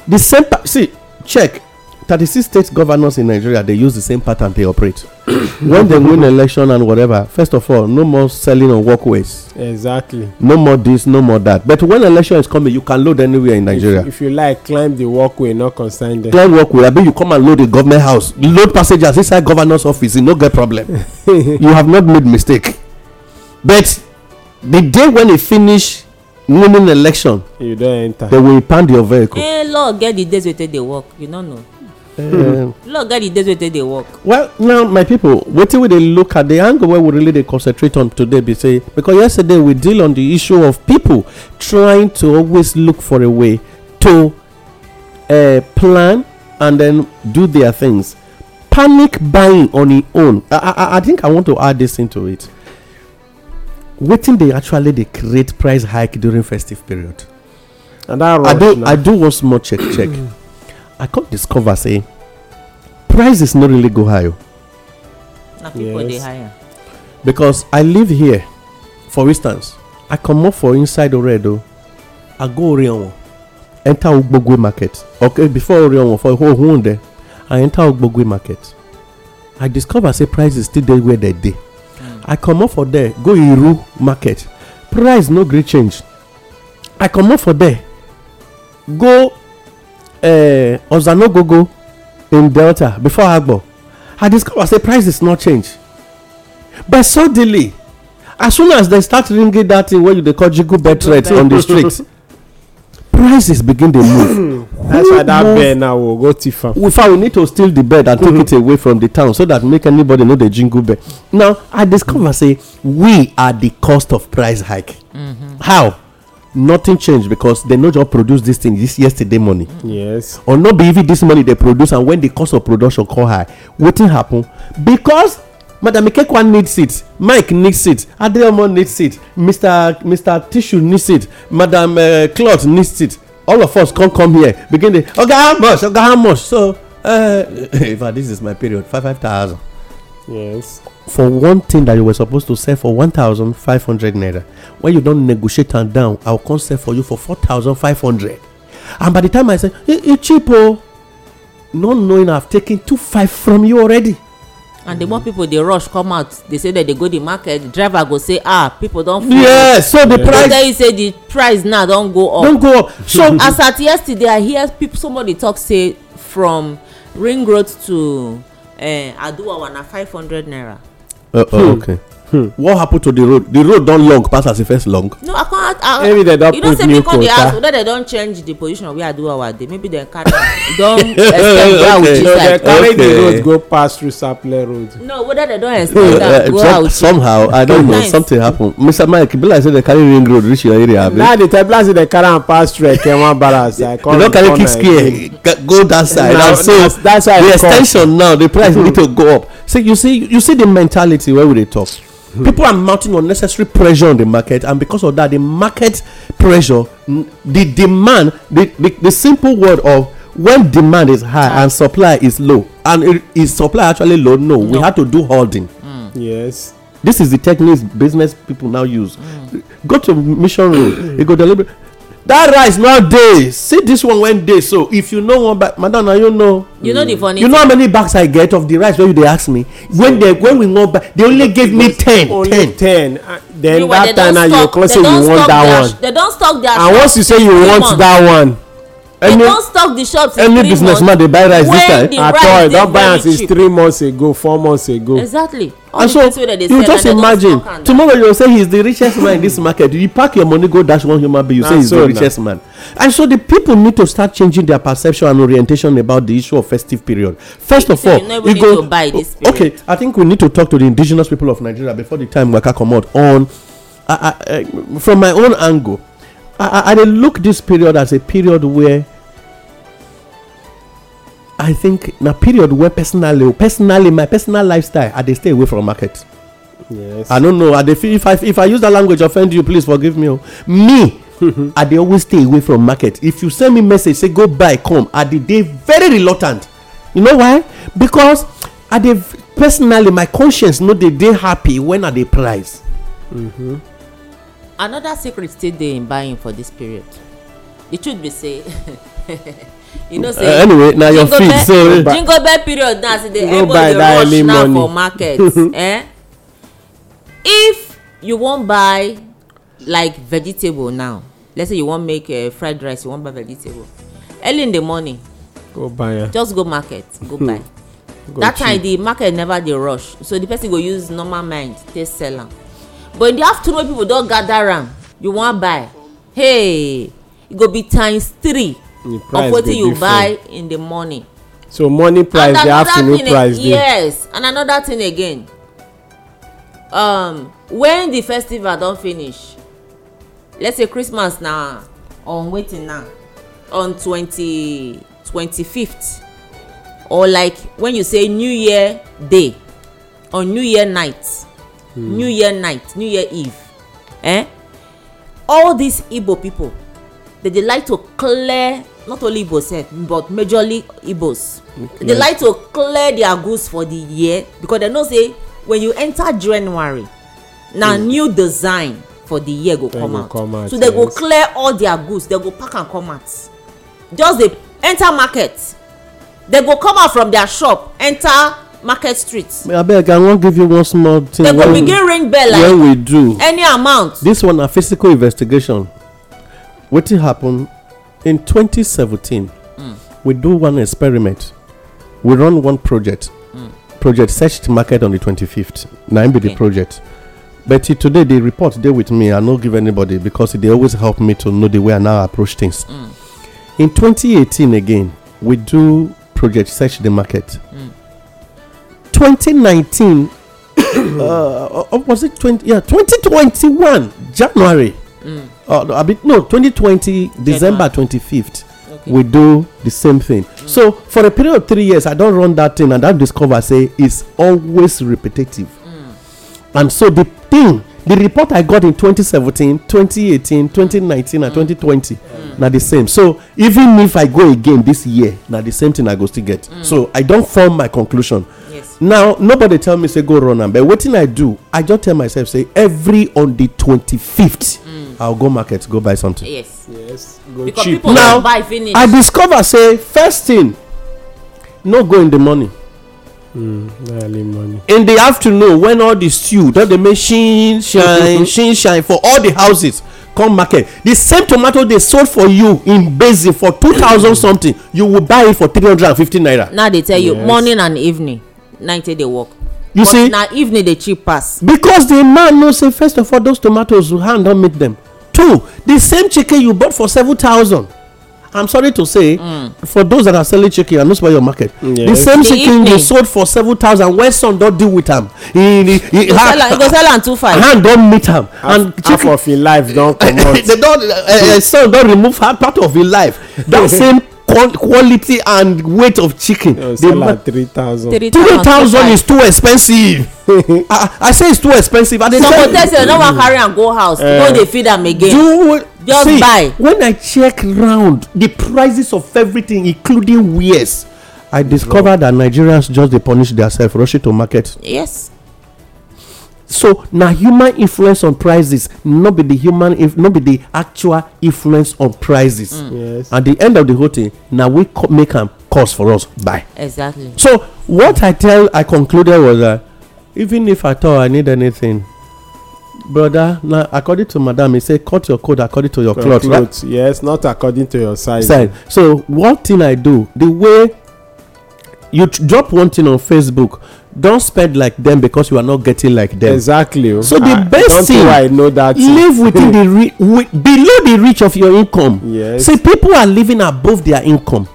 the same see check thirty-six state governors in nigeria dey use the same pattern dey operate when dem win election and whatever first of all no more selling on walkways exactly no more this no more that but when election is coming you can load anywhere in nigeria if you like climb the walkway not consign dem climb walkway abi you come and load the government house load passengers inside governors office e no get problem you have not made mistake but the day when they finish winning election you don enter they will impound your vehicle eh law get the days wey take dey work you no know eh. law get the days wey take dey work well now my people wetin we dey look at the angle wey we really dey concentrate on today be say because yesterday we deal on the issue of people trying to always look for a way to eh, plan and then do their things panic buying on e own i i i think i want to add this into it wetin they actually they create price hike during festive period And i do i do one small check check i come discover say is not really go oh. higher. Not people pipo dey hire because i live here for instance i come up for inside already. Oh. i go around, enter ogbogwe market okay before orionwo for there, i enter ogbogwe market i discover say price is still dey where dem dey i comot for there go iru market price no gree change i comot for there go eh, ozanogogo in delta before agbo i discover say prices no change but suddenly as soon as they start ringing that thing wey you dey call jigu bet rate on the street prices begin dey move that's why that bear now will go thief am in fact we need to steal the bird and take mm. it away from the town so that make anybody know the jingle bell now i discover say we are the cost of price hike mm-hmm. how nothing change because they no just produce this thing this yesterday morning mm-hmm. yes or no be even dis money they produce and when the cost of production come high wetin happen because madam ikekwa needs it mike needs it adeomo needs it mr mr tissue needs it madam uh, cloth needs it all of us come come here begin dey oga how much oga how much so uh, eh, if this is my period five five thousand. yes. for one thing that you were supposed to sell for one thousand five hundred naira when you don negotiate am down i will come sell for you for four thousand five hundred and by the time i say e eh, e cheap o not knowing i have taken two five from you already and the more people dey rush come out dey say that they go the market the driver go say ah people don full yes so the price go tell you say the price now don go up don go up so as at yesterday i hear people somebody talk say from ring road to uh, eh, aduwawa na five hundred naira. Uh, oh, okay. Hmm. what happened to the road the road don't long pass as the first long no i can't maybe they don't put new quota you know say because the ask whether dem don change the position where i do our day maybe they carry Don't extend go out with no dem carry the road go past through sapler road no whether they don't extend that, go out somehow i don't know something happened. mr mike be like say they carry ring road reach your area abi now the time plan say dem carry am pass through ekewan barracks i come dem carry kick scare go that side and so the extension now the price need mm-hmm. to go up so you see you see the mentality where we dey talk. People are mounting unnecessary pressure on the market, and because of that, the market pressure, the demand, the, the, the simple word of when demand is high and supply is low, and is supply actually low? No, no. we had to do holding. Mm. Yes. This is the technique business people now use. Mm. Go to Mission Road, you go deliberate that rice no dey see this one wey dey so if you know one buy madam na you know you know the mm. funny you know how many bags i get of the rice wey you dey ask me when they when we wan buy they only give me ten ten ten uh, then that time na you come you want that one and once you say you want that one any don't stock the shops in three business man dey buy rice this time at all that don is three months ago four months ago exactly and so you just imagine tomorrow you go say he is the richest man in this market you pack your money go dash one human being you say he's is the richest man and so the people need to start changing their perception and orientation about the issue of festive period first of all you go okay i think we need to talk to the indigenous people of nigeria before the time waka comot on from my own angle I, I dey look this period as a period where i think na period where personally personally my personal lifestyle i dey stay away from market yes i no know i dey feel if i if i use that language offend you please forgive me o oh. me i dey always stay away from market if you send me message say go buy come i dey dey very reluctant you know why because i dey personally my conscience no dey dey happy when i dey price mm-hmm another secret still dey in buying for this period the truth be say you know say uh, anyway na your feed so jingle bell period now as e dey help dey rush now for market eh if you wan buy like vegetable now let's say you wan make eh, fried rice you wan buy vegetable early in the morning go buy just go market go hmm. buy that time the market never dey rush so the person go use normal mind take sell am but in the afternoon people don gather am you wan buy hey e go be times three of wetin you buy in the morning so morning price the afternoon price dey yes and another thing again um when the festival don finish let's say christmas na on wetin na on twenty twenty-fifth or like when you say new year day on new year night mm. new year night new year eve eh all these igbo people they dey like to clear not only igbo sef but majorly igbos okay. they like to clear their goods for the year because they know say when you enter january na mm. new design for the year go come out. come out so they go clear all their goods they go pack and come out just dey enter market they go come out from their shop enter market street. abeg i wan give you one small thing. They go begin ring bell like when we do any amount. this one na physical investigation wetin happen in 2017 hmm. we do one experiment we run one project hmm. project search the market on the 25th na im be the project but today the report dey with me i no give anybody because e dey always help me to know the way i now approach things hmm. in 2018 again we do project search the market 2019 uh, uh, was it 20 yeah 2021 january mm. uh, I mean, no 2020 january. december 25th okay. we do the same thing mm. so for a period of three years i don't run that thing and i discover say it's always repetitive mm. and so the thing the report i got in 2017 2018 2019 and 2020 mm. mm. na the same so even if i go again this year na the same thing i go still get mm. so i don't form my conclusion now nobody tell me say go run am but wetin i do i just tell myself say every on the 25th mm. i'll go market go buy something. yes yes go cheap now i discover say first thing no go in the morning mm, in the afternoon when all the stew don dey make shine shine mm-hmm. shine shine for all the houses come market the same tomato dey sold for you in basin for two thousand something you will buy it for three hundred and fifty naira. now they tell you morning and evening nine take dey work you see na evening dey cheap pass because the man know say first of all those tomatoes hand don meet them two the same chicken you bought for seven thousand i'm sorry to say mm. for those that are selling chicken i know spoil your market the same chicken you sold for seven thousand when sun don deal with am He go sell am two five hand don meet am and chicken eh, eh, half of him life don comot sun don remove part of him life that same quality and weight of chicken dey like three thousand three thousand is too expensive i i say it's too expensive i dey tell you some no wan carry and go house go dey feed them again do just see, buy when i check round the prices of everything including wares i discover that nigerians just dey punish themselves rushing to market yes so na human influence on prices not be the human if not be the actual influence on prices mm. yes at the end of the whole thing na we make am cost for us buy exactly so what i tell i concluded was that even if at all i need anything brother na according to madam he say cut your coat according to your cloth right yes not according to your size size so one thing i do the way you drop one thing on facebook don't spend like them because you are not getting like them. Exactly. So the I best thing I know that live within the re- wi- below the reach of your income. Yes. See, people are living above their income.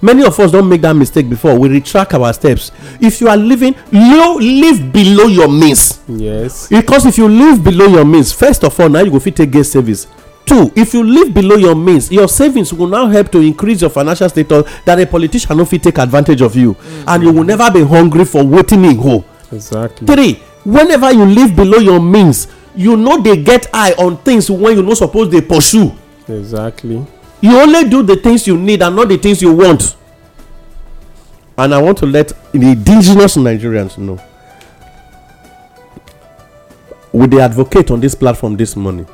Many of us don't make that mistake before. We retract our steps. If you are living low, live below your means. Yes. Because if you live below your means, first of all, now you go fit take guest service. two if you live below your means your savings will now help to increase your financial status that a politician no fit take advantage of you mm. and you will never be hungry for wetin e go. exactly three whenever you live below your means you no dey get eye on things wey you no suppose dey pursue. exactly you only do the things you need and not the things you want and i want to let the indigenous nigerians know we dey advocate on this platform this morning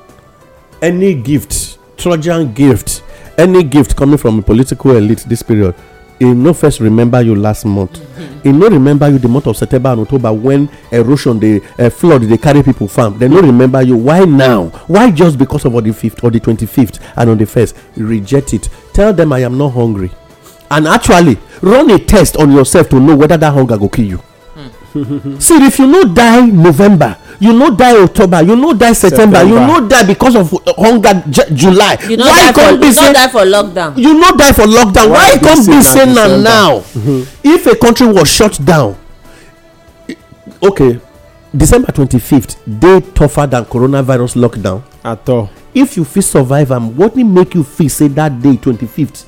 any gift trojan gift any gift coming from a political elite this period e no first remember you last month e no remember you the month of september and october when erosion dey eh, flood dey carry people farm dem no remember you why now why just because of on the fifth or the twenty fifth and on the first, reject it tell them i am not hungry and actually run a test on yourself to know whether that hunger go kill you see if you no die november you no die october you no die september, september. you no die because of hunger july you no why come be say you no die for lockdown why, why come be say na now mm-hmm. if a country was shut down okay december twenty th dey tougher than coronavirus lockdown at all if you fit survive am wetin make you feel say that day 25th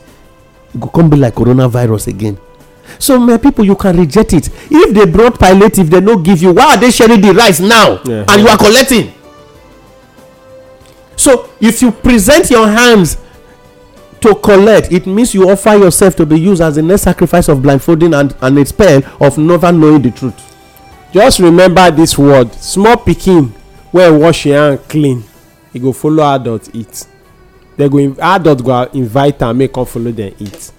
go come be like coronavirus again so my people you can reject it if they brought pilate if they no give you why are they sharing the rice now yeah. and you are collecting so if you present your hands to collect it means you offer yourself to be used as the next sacrifice of blindfolding and and a spell of never knowing the truth. just remember this word small pikin wey wash im hand clean e go follow adult eat dem go adult go invite am make come follow dem eat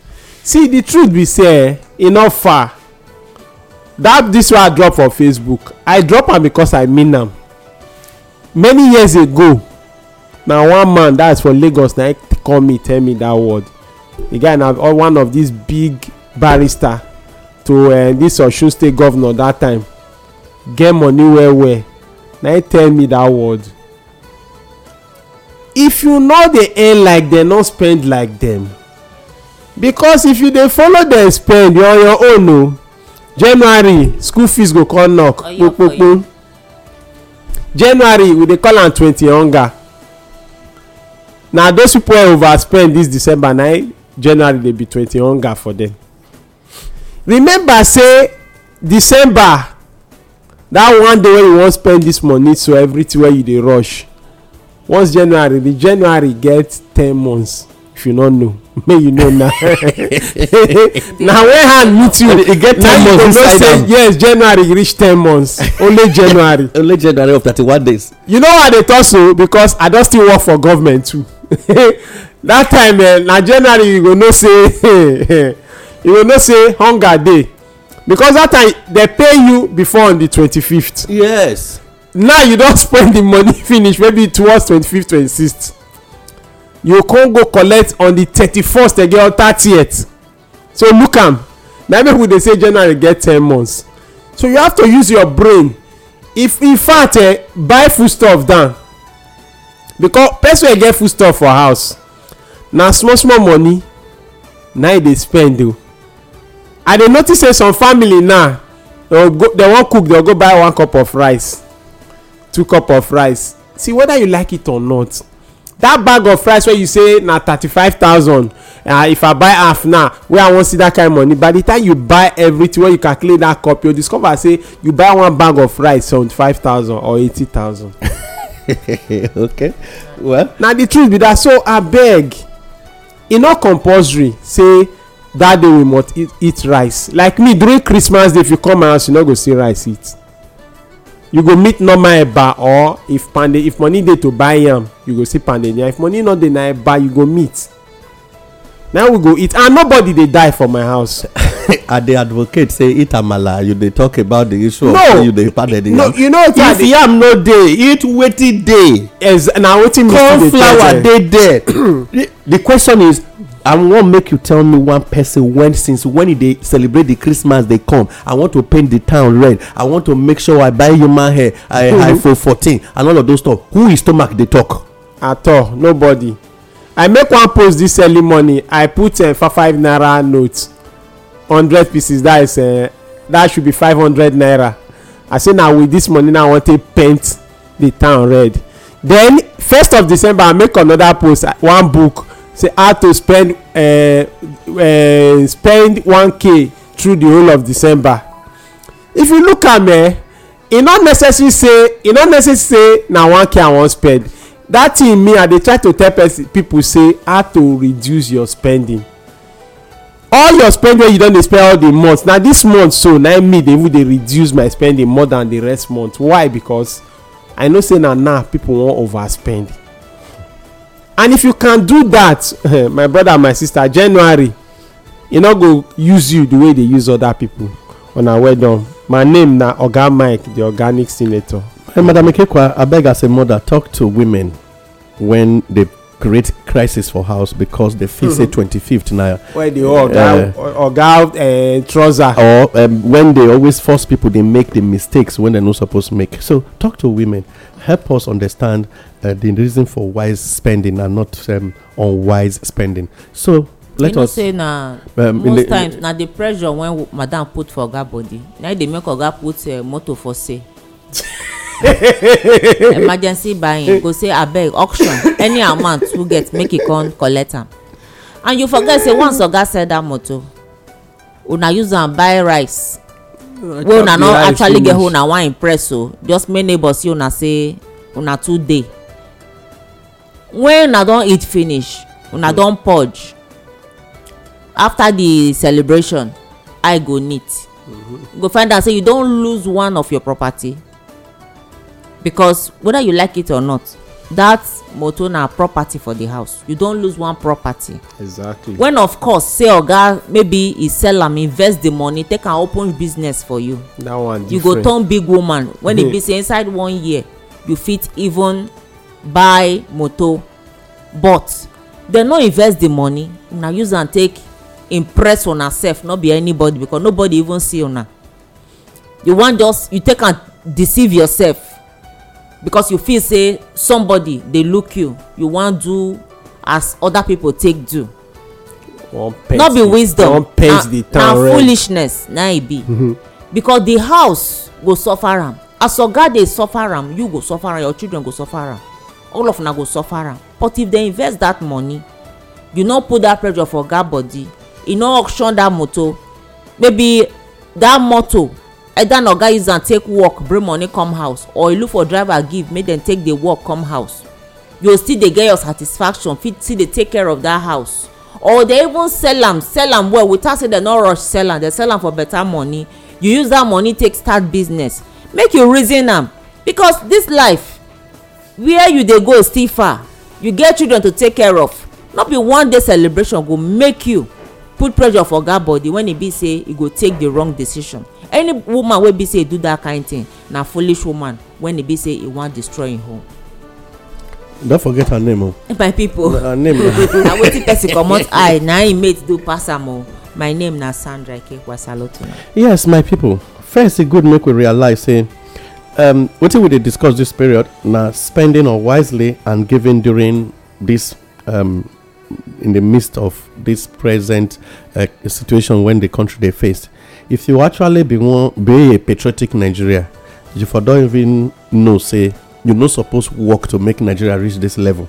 see the truth be say e no far that this one i drop for facebook i drop am because i mean am many years ago na one man that's for lagos na call me tell me that word the guy na one of these big barrister to uh, this osun state governor that time get money well well na he tell me that word if you no dey earn like dem no spend like dem because if you dey follow dem spend on your own o oh. january school fees go come knock kpokpokpo january we dey call am twenty hunger na those people wey overspend this december na e, january dey be twenty hunger for them. remember say december that one day wey you wan spend this money so everything wey you dey rush once january the january get ten months if you no know may you know now na when hand meet you e get ten months inside am now you go know say yes january reach ten months only january only january of thirty-one days you know why i dey talk so because i don still work for government too that time eh, na january you go know say you go know say hunger dey because that time they pay you before on the twenty-fifth yes now you don spend the money finish maybe towards twenty-fifth twenty-sixth you con go collect on the thirty-first again or thirtieth so look am na people dey say january get ten months so you have to use your brain if in fact eh, buy foodstuff down because person wey get foodstuff for house na small small money na e dey spend o i dey notice say some family now they go wan cook they go buy one cup of rice two cup of rice see whether you like it or not that bag of rice wey you say na thirty-five thousand ah, if i buy half now wey i wan see that kind of money by the time you buy everything wey you calculate that cup you discover say you buy one bag of rice seventy-five thousand or eighty thousand. okay well. na the truth be that so abeg e no compulsory say that day we must eat, eat rice like me during christmas day if you come my house you no go see rice eat you go meet normal eba or if pande if money dey to buy yam you go see pande pandemia if money no dey na eba you go meet Now we go eat and nobody dey die for my house i dey advocate say eat amala you dey talk about the issue of say you dey pounded the yam no you know if yam no dey eat wetin dey na wetin corn flour dey there the question is i wan make you tell me one person when since when e dey celebrate the christmas dey come i want to paint the town red i want to make sure i buy human hair i mm -hmm. iphone fourteen and all of those stuff who his stomach dey talk. at all nobody i make one post this early morning i put uh, five naira note hundred pieces that is uh, that should be five hundred naira i say na with this money now i wan take paint the town red then first of december i make another post eh, one book say how to spend eh, eh, spend one k through the whole of december if you look am eh e not necessary say e not necessary say na 1k i wan spend that thing me i dey try to tell people say how to reduce your spending all your spend wey you don dey spend all the month na this month so na me they even dey reduce my spending more than the rest month why because i know say na now people wan overspend and if you can do that my brother and my sister january e no go use you the way they use other people una well done my name na oga mike the organic senator Hey, madam ikekwa abeg as a mother talk to women when they create crisis for house because they feel say mhm. twenty-fifth na. when the oga uh, oga eh, trouser. or um, when they always force people they make the mistakes when they no suppose make so talk to women help us understand uh, the reason for wise spending and not um, unwise spending so let you know say na um, most times na the pressure when madam put for oga body na dey make oga put uh, motor for sale. emergency buying go say abeg auction any amount who get make e come collect am and you forget say once oga sell dat motor una use am buy rice wey una no actually get who una wan impress o just make neighbor see una say una too dey when una don eat finish una hmm. don purge after the celebration eye go neat mm-hmm. go find out say you don lose one of your property because whether you like it or not that motor na property for the house you don lose one property. exactly when of course say oga maybe he sell am invest the money take am open business for you. that one different you go turn big woman when e be say inside one year you fit even buy motor but dem no invest the money una use am take impress una sef no be anybody because nobody even see una you wan just you take am deceive yourself because you feel say somebody dey look you you wan do as other people take do no be wisdom na foolishness na e be mm-hmm. because the house go suffer am as oga dey suffer am you go suffer am your children go suffer am all of una go suffer am but if dem invest that money you no put that pressure for oga body e no auction that motor maybe that motor either na oga use am take work bring money come house or you look for driver give make dem take dey work come house you still dey get your satisfaction fit still dey take care of that house or dem even sell am sell am well without say dem no rush sell am dem sell am for better money you use that money take start business make you reason am because this life where you dey go still far you get children to take care of no be one day celebration go make you put pressure for oga body when e be say e go take the wrong decision any woman wey be say e do that kind thing na foolish woman when e be say e wan destroy im home. don forget her name o. Oh. my people na, her name na wetin person comot eye na im mate do pass am o oh. my name na sandra ikekwasalotuna. yes my people first e good make we realize say um, wetin we dey discuss this period na spending wisely and giving during this um, in the midst of this present uh, situation when the country they face. If you actually be one, be a patriotic Nigeria, you for don't even know say you're not supposed to work to make Nigeria reach this level.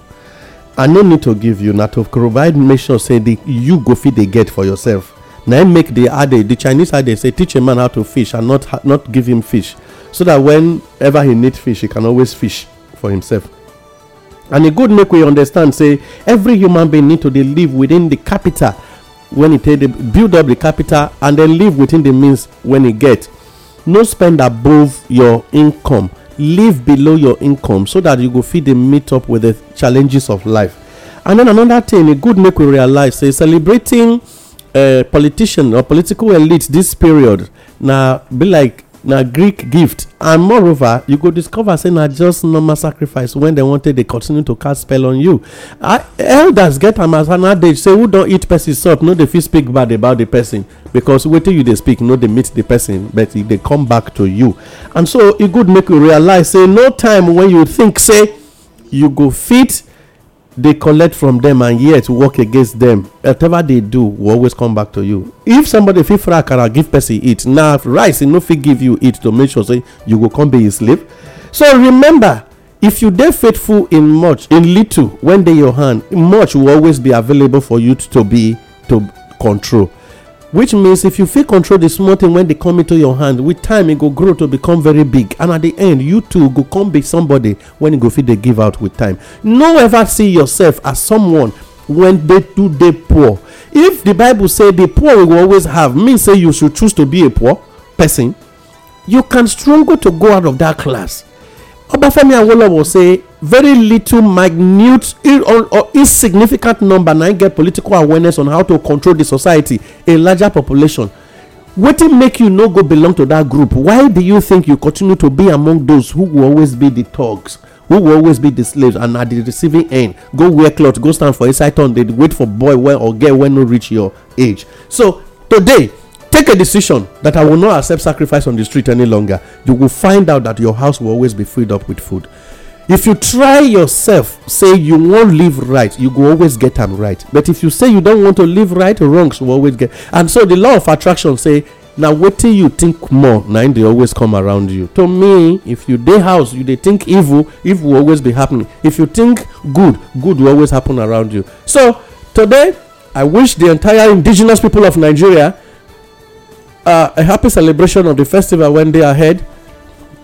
I no need to give you not to provide measure say the you go feed they get for yourself. Now make the ade the Chinese idea say teach a man how to fish and not not give him fish, so that whenever he need fish he can always fish for himself and e good make we understand say every human being need to dey live within the capital when e take dey build up the capital and then live within the means when e get no spend above your income live below your income so that you go fit dey meet up with the challenges of life and then another thing e good make we realize say celebrating eh, politician or political elite this period na be like na greek gift and moreover you go discover say na just normal sacrifice when dem wanted, take dey continue to cast spell on you elders get am as an adage say who don eat person salt no dey fit speak bad about the person because wetin you dey speak no dey meet the person but e dey come back to you and so e good make you realize say no time when you think say you go fit they collect from them and yet work against them whatever they do will always come back to you if somebody fit fry akara give person eat na rice e no fit give you eat to make sure say you go come be his slave so remember if you dey faithful in much in little when dey your hand much will always be available for you to be to control which means if you fit control the small thing when they come into your hand with time e go grow to become very big and at the end you too go come be somebody when you go fit dey give out with time no ever see yourself as someone when dey too dey poor if the bible say the poor we go always have mean say you should choose to be a poor person you can struggle to go out of that class obafemi awolowo say very little minute or insignificant number Now get political awareness on how to control the society a larger population wetin make you no go belong to that group why do you think you continue to be among those who will always be the thugs who will always be the slaves and at the receiving end go wear cloth go stand for inside town dey wait for boy or girl wey no reach your age so today take a decision that i will not accept sacrifice on the street any longer you go find out that your house will always be filled up with food if you try yourself say you wan live right you go always get am right but if you say you don want to live right wrongs will always get and so the law of attraction say na wetin you think more na im dey always come around you to me if you dey house you dey think evil evil will always be happening if you think good good will always happen around you so today i wish the entire indigenous people of nigeria uh, a happy celebration of the festival when they ahead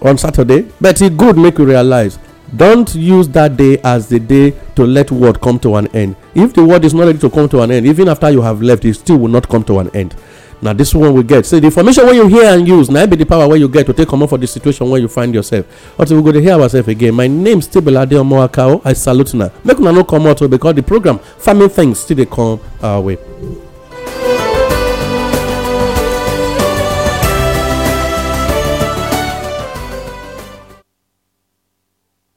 on saturday but e good make you realize don't use that day as the day to let word come to an end if the word is not ready to come to an end even after you have left it still will not come to an end Now, this one we get say the information wey you hear and use na be the power wey you get to take comot for the situation wey you find yourself until we go dey hear ourselves again my name still be lade omoakao i salute una make una no comot o oh, because the program farming things still dey come our way.